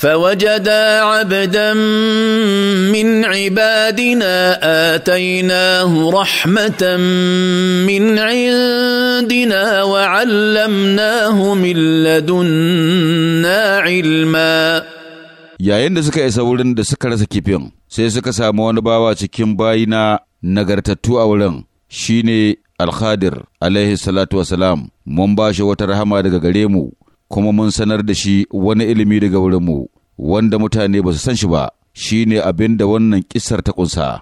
فوجدا عبدا من عبادنا اتيناه رحمه من عندنا وعلمناه من لدنا علما yayin da suka isa wurin da suka rasa kifin sai suka samu wani bawa cikin bayina nagartattu a wurin shine alkhadir alaihi salatu wasalam mun ba shi wata rahama daga gare mu kuma mun sanar da shi wani ilimi daga wurinmu wanda mutane ba su san shi ba shi ne abin da wannan kisar ta kunsa